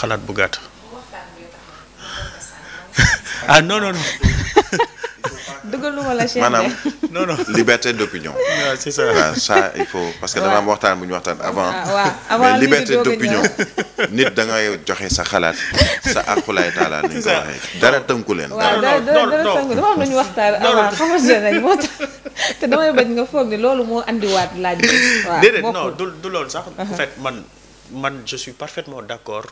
xalaat bu gàtt. ah non non non. maanaam non non liberté d'opinion. waaw c'est ah, il faut parce que dama am waxtaan bu ñu waxtaan ah, avant. mais liberté d'opinion nit da joxe sa xalaat sa akulaay taala ni nga ko waxee dara tënku leen. waaw am lu ñu waxtaan avant xamante nañ moo tax te damay bañ nga foog ni loolu moo andiwaat laaj bi. waaw déedéet non du du loolu sax. en uh-huh. fait man man je suis parfaitement d'accord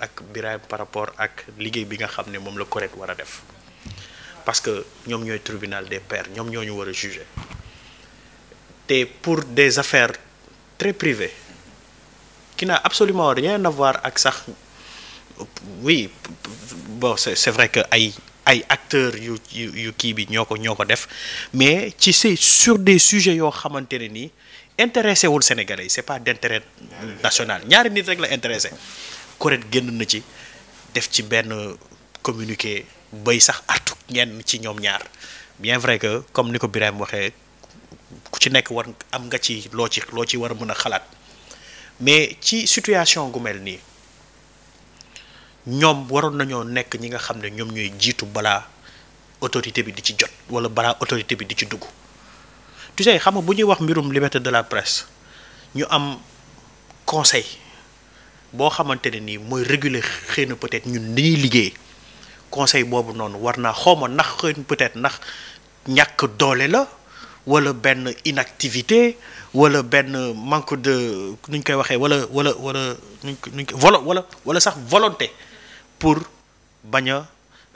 ak Birahim par rapport ak liggéey bi nga xam ne moom la CORED war a def parce que ñoom ñooy tribunal des pairs ñoom ñoo ñu war a juger te pour des affaires très privées qui n'a absolument rien à voir ak sax oui bon c'est c'est vrai que ay ay acteurs yu yu yu kii bi ñoo ko ñoo ko def mais ci c'est sur des sujets yoo xamante ne nii intéressé wul Sénégalais yi c'est pas d'intérêt national ñaari nit rek la intéressé CORED génn na ci def ci benn communiqué bay sax artu ñenn ci ñoom ñaar bien vrai que comme ni ko Birame waxee ku ci nekk war am nga ci loo ci loo ci war a mën a xalaat mais ci situation gu mel nii ñoom waroon nañoo nekk ñi nga xam ne ñoom ñooy jiitu balaa autorité bi di ci jot wala balaa autorité bi di ci dugg tu sais xam nga bu ñuy wax mbirum liberté de la presse ñu am conseil boo xamante ne nii mooy régulé xëy na peut-être ñun dañuy liggéey conseil boobu noonu war naa xawma ndax xëy na peut-être ndax ñàkk doole la wala benn inactivité wala benn manque de nuñ koy waxee wala wala wala nuñ ko nuñ wala wala sax volonté pour bañ a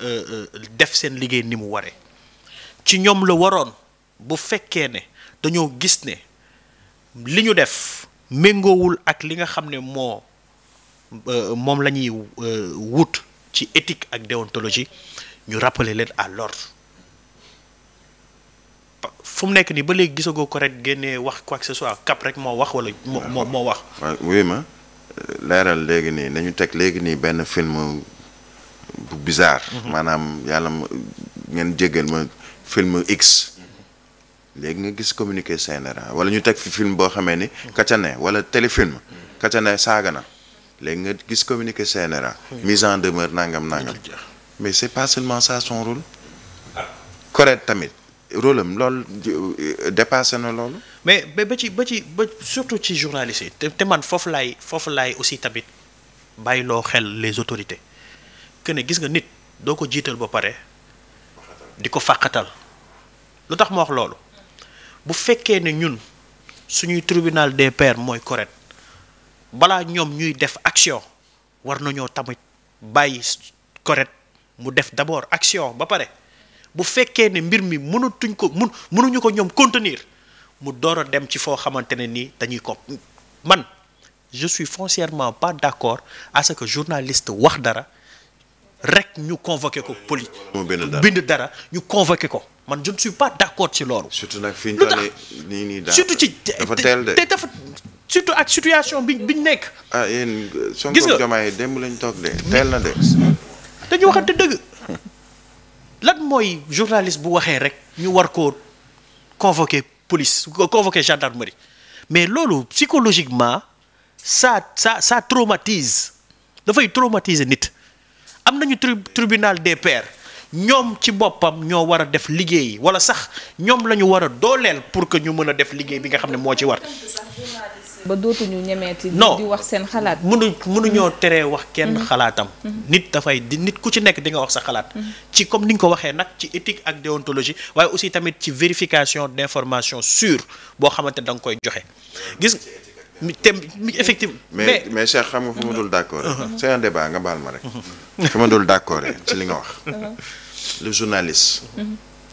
euh, euh, def seen liggéey ni mu waree ci ñoom la waroon bu fekkee ne dañoo gis ne li ñu def méngoowul ak li nga xam ne moo Euh, moom la ñuy euh, wut ci éthique ak déontologie ñu rappeler leen à l'ordre fu mu nekk nii ba léegi gisagoo ko rek génnee wax quoi que ce rek moo wax wala moo moo wax. waaw ma leeral léegi nii nañu teg léegi nii benn film bu bizarre. Mhm. maanaam yàlla ngeen jéggal ma film X. léegi nga gis communiqué CNRA wala ñu teg fi film boo xamee ni. Mhm. ka ca wala téléfilm. Mhm. ka saaga na. léegi nga gis communiqué CNRA. mise en demeure nangam nangam. mais c'est pas seulement ça son rôle. correct tamit rôle am loolu dépassé na loolu. mais ba ci ba ci ba surtout ci journaliste yi te man foofu laay foofu laay aussi tamit bàyyi loo xel les autorités que ne gis nga nit doo ko jiital ba pare di ko fàqatal lu tax ma wax loolu bu fekkee ne ñun suñuy tribunal des per mooy correct. balaa ñoom ñuy def action war nañoo tamit bàyyi correct mu def d'abord action ba pare bu fekkee ne mbir mi mënatuñ ko mun mënuñu ko ñoom contenir mu door a dem ci foo xamante ne nii dañuy ko man je suis foncièrement pas d'accord à ce que journaliste wax dara rek ñu convoqué ko poli bind dara ñu convoqué ko man je ne suis pas d'accord ci loolu surtout nag fii ñu nii nii daal surtout ci te dafa surtout ak situation bi ñu nekk. ah yéen euh, Sonko Diomaye démb lañ toog de teel na de. dañu waxante dëgg lan mooy journaliste bu waxee rek ñu war ko convoquer police convoquer gendarmerie mais loolu psychologiquement ça ça ça traumatise dafay traumatiser nit. am nañu tribunal des pairs ñoom ci boppam ñoo war a def liggéey walla sax ñoom la ñu war a dooleel pour que ñu mën a def liggéey bi nga xam ne moo ci war. ba dootuñu ñemeeti. no wax seen xalaat non mënu mënuñoo mm-hmm. teree wax kenn mm-hmm. xalaatam. Mm-hmm. nit dafay di nit ku ci nekk di nga wax sa xalaat. ci comme ni nga ko waxee nag ci éthique ak déontologie waaye aussi tamit ci vérification d' information sûre boo xamante da nga koy joxe gis. te effectivement. mais mais xam nga fu ma dul d' accord. c' est ma rek. d' accord ci li nga wax. le journaliste.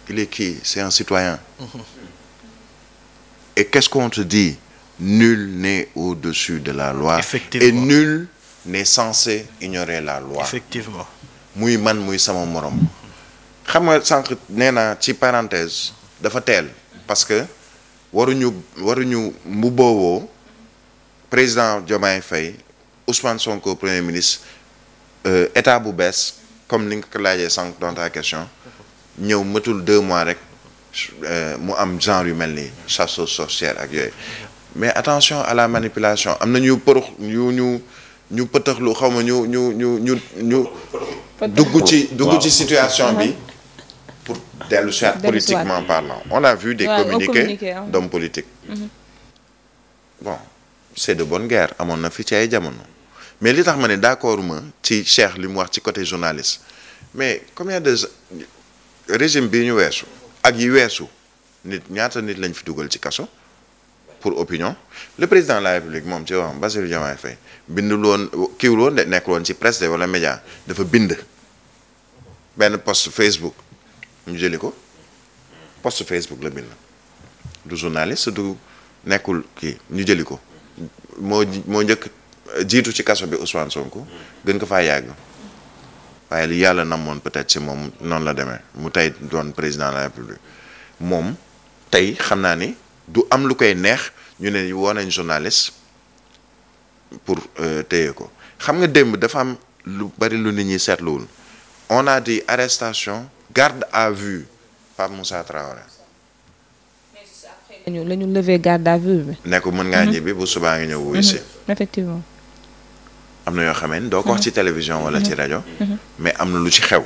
il est qui c' est un citoyen. et qu' est te dit. nul n'est au-dessus de la loi. et nul n'est censé ignorer la loi. effectivement muy man muy sama morom. xam nga sànq nee naa ci parenthèse dafa teel parce que waruñu waruñu mbu booboo président Diomaye Faye Ousmane Sonko premier ministre euh, état bu bees comme ni nga ko laajee sànq dans ta question ñëw matul deux mois rek euh, mu am genre yu mel ni chasse aux ak yooyu. mais attention à la manipulation am na ñu përux ñu ñu ñu pëtëxlu xaw ma ñu ñu ñu ñu ñu. dugg ci dugg ci situation bi. Mhm. pour dellu soit politiquement parlant on a vu des ouais, communiqués politique politiques mm -hmm. bon c'est de bonne guerre amoon na fi ci ay jamono mais li tax ma ne d'accord ma ci Cheikh li mu wax ci côté journaliste mais combien de régime bii ñu weesu ak yi weesu nit ñaata nit lañ fi dugal ci kaso pour opinion le président la république moom ci waxam Bassirou Diomaye Faye bindul woon kiiwul woon de nekkul woon ci presse de wala média dafa bind benn post Facebook ñu jëli ko post Facebook la bind du journaliste du nekkul kii ñu jëli ko moo moo njëkk jiitu ci kaso bi Ousmane Sonko gën ko faa yàgg waaye li yàlla namoon peut-être ci moom noonu la demee mu tey doon président la république moom tey xam naa ni du am lu koy neex ñu ne woo nañ journaliste pour euh, téye ko xam nga démb dafa am lu bari lu nit ñi seetluwul on a arrestation garde à vue Pape Moussa Traoré. mais la ñu levé garde à vue bi. ne mën ngaa mhm. ñibbi bu subaa nga ñëw wuyu si. Mhm. am na yoo xamee ni doo ko wax mhm. ci télévision walla ci rajo. mais am na lu ci xew.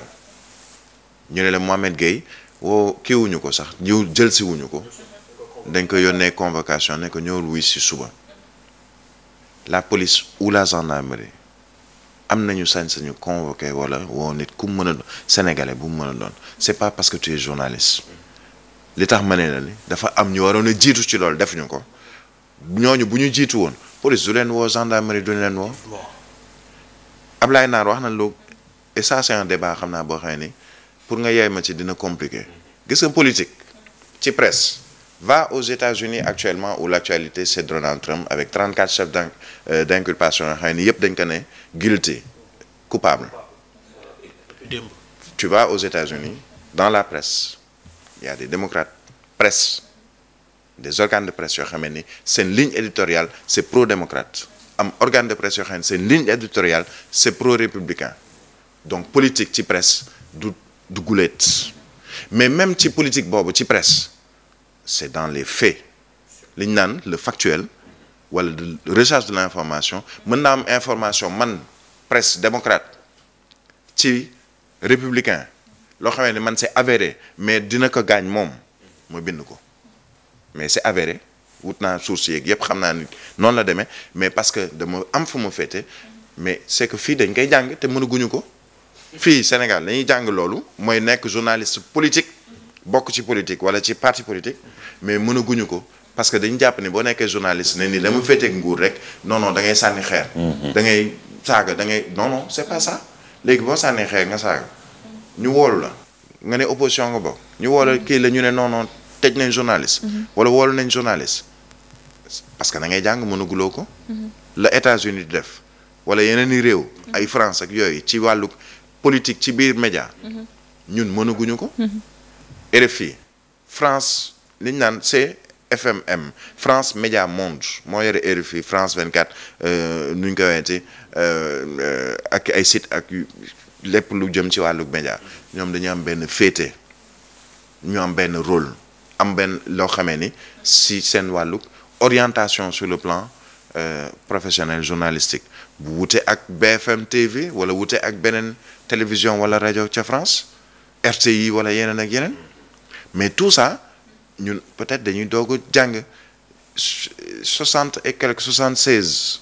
ñu ne la Mohamed Gueye woo kiiwuñu ko sax jiw jël si ko. dañ ko yónnee convocation ne ko ñëwul wuy si suba la police ou la gendarmerie am nañu sañ-sañu convoqué wala woo nit ku mën a doon sénégalais bu mu mën a doon c'est pas parce que tu es journaliste li tax ma ne la ni dafa am ñu waroon a jiitu ci loolu def ñu ko ñooñu bu ñu jiitu woon police du leen woo gendarmerie du leen woo lay Naar wax na lu et ça c'est xam naa boo xam ni pour nga yaay ma ci dina compliqué gis nga politique ci presse Va aux États-Unis actuellement où l'actualité c'est Donald Trump avec 34 chefs euh, d'inculpation yoo xam ne yëpp dañ ko ne guilty coupable. Tu vas aux États-Unis dans la presse il y a des démocrates presse des organes de presse yoo xam ne seen ligne éditoriale c'est pro-démocrate am organe de presse yoo xam ne seen ligne éditoriale c'est pro-républicain donc politique ci presse du mais même ci politique boobu ci presse. c'est dans les faits li ñu naan le factuel wala le recherche de l'information mën naa am information man presse démocrate ci républicain loo xamee ne man c'est avéré mais dina ko gaañ moom ma bind ko mais c'est avéré wut naa source yeeg yëpp xam naa ni noonu la demee mais parce que dama am fu ma féete mais c'est que fii dañ koy jàng te mënaguñu ko fii Sénégal dañuy jàng loolu mooy nekk journaliste politique bokk ci politique wala ci parti politique mais mënaguñu ko parce que dañu jàpp ni boo nekkee journaliste ne nii dama féeteeg nguur rek non dangay sànni xeer. Mhm. dangay ngay saaga da ngay non non c'est pas léegi boo sànni xeer nga saaga ñu woolu la nga ne opposition nga bokk ñu woolu kii la ñu ne non non tëj nañ journaliste. Mhm. wala woolu nañ journaliste. parce que da ngay jàng mënaguloo ko. Mhm. la États-Unis di def wala yeneen i réew. ay France ak yooyu ci wàllu politique ci biir média. ñun ko. RFI France li ñu naan CFMM France Média Monde moo yore RFI France 24 euh, nu ñu ko weete euh, ak ay site ak lépp lu jëm ci wàllu média ñoom dañu am benn féete ñu am benn rôle am benn loo xame ni si seen wàllu orientation sur le plan euh, professionnel journalistique bu wute ak BFM TV wala wute ak beneen télévision wala rajo ca France RTI wala yeneen ak yeneen mais tout ça ñun peut-être dañuy doog a jàng soixante et quelque soixante seize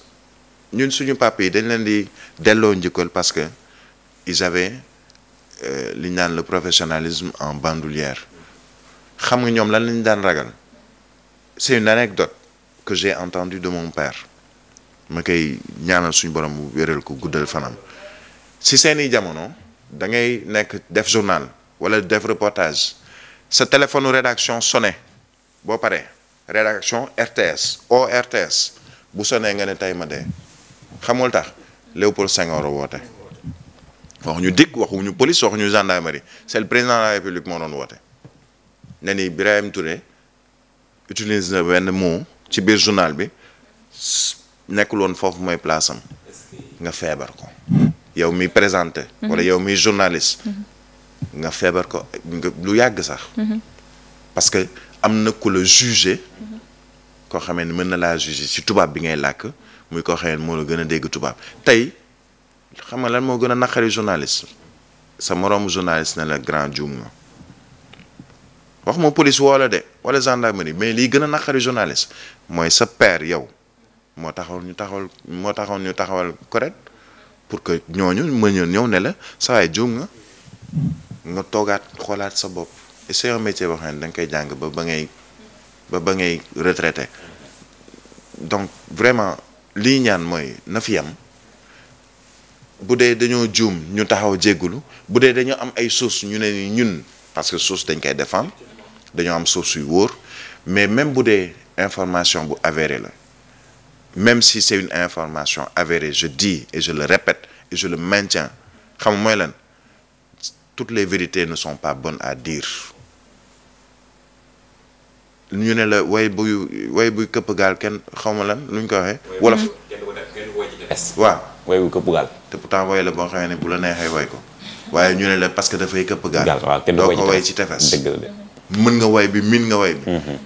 ñun suñu papa yi dañ leen di delloo njëkkal parce que ils avaient euh, li ñu naan le professionnalisme en bandoulière xam nga ñoom lan lañu daan ragal c'est une anecdote que j'ai entendue de mon père ma koy ñaanal suñu borom bu wéral ko guddal fanam si seeni jamono da ngay nekk def journal wala def reportage sa téléphone rédaction sonné boo paree rédaction RTS ORTS bu sonné nga ne tey ma dee xamul tax Léopold Senghor woote waxuñu dikk waxuñu police waxuñu gendarmerie c'est le président de la république moo doon woote ne ni Birahim Touré utilise na benn mot ci biir journal bi nekkul woon foofu mooy place nga feebar ko yow mii présenté mhm. wala yow mi journaliste mhm. nga feebar ko lu yàgg sax. parce que am na ku la jugé. koo xamee ne mën na laa jugé ci tubaab bi ngay làkk muy koo xamee ne moo la gën a dégg tubaab tey xam nga lan moo gën a naqari journaliste sa moroomu journaliste ne la grand juum wax ma police woo la de wala gendarmerie mais lii gën a naqari journaliste mooy sa per yow moo taxaw ñu taxawal moo taxawal ñu taxawal correct pour que ñooñu mën ñëw ne la saa waay juum nga toogaat xoolaat sa bopp et c'est un métier boo xam ne da koy jàng ba ba ngay ba ba ngay retraité donc vraiment lii ñaan mooy na fi yam bu dee dañoo juum ñu taxaw jéggulu bu dee dañoo am ay sources ñu ne ñun parce que source dañ koy défendre dañoo am source yu wóor mais même bu dee information bu avérée la même si c'est une information avérée je di et je le répète et je le maintiens xam mooy leen toutes les vérités ne sont pas bonnes à dire ñu ne la way buy way buy këpp gaal kenn xaw ma lan luñ koy waxee. wolof waaw way këpp gaal. te pourtant way la boo xamee ne bu la neexee way ko waaye ñu ne la parce que dafay këpp gaal. doo ko way ci tefes mën nga way bi min nga way bi. Mm-hmm.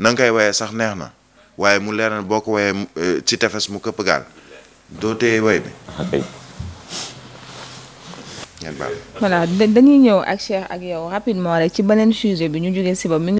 na nga koy sax neex na waaye mu leeral boo ko wayee eh, ci tefes mu këpp gaal doo téye way bi. voilà dañuy ñëw ak Cheikh ak yow rapidement rek ci beneen sujet bi ñu jógee si ba mi ngi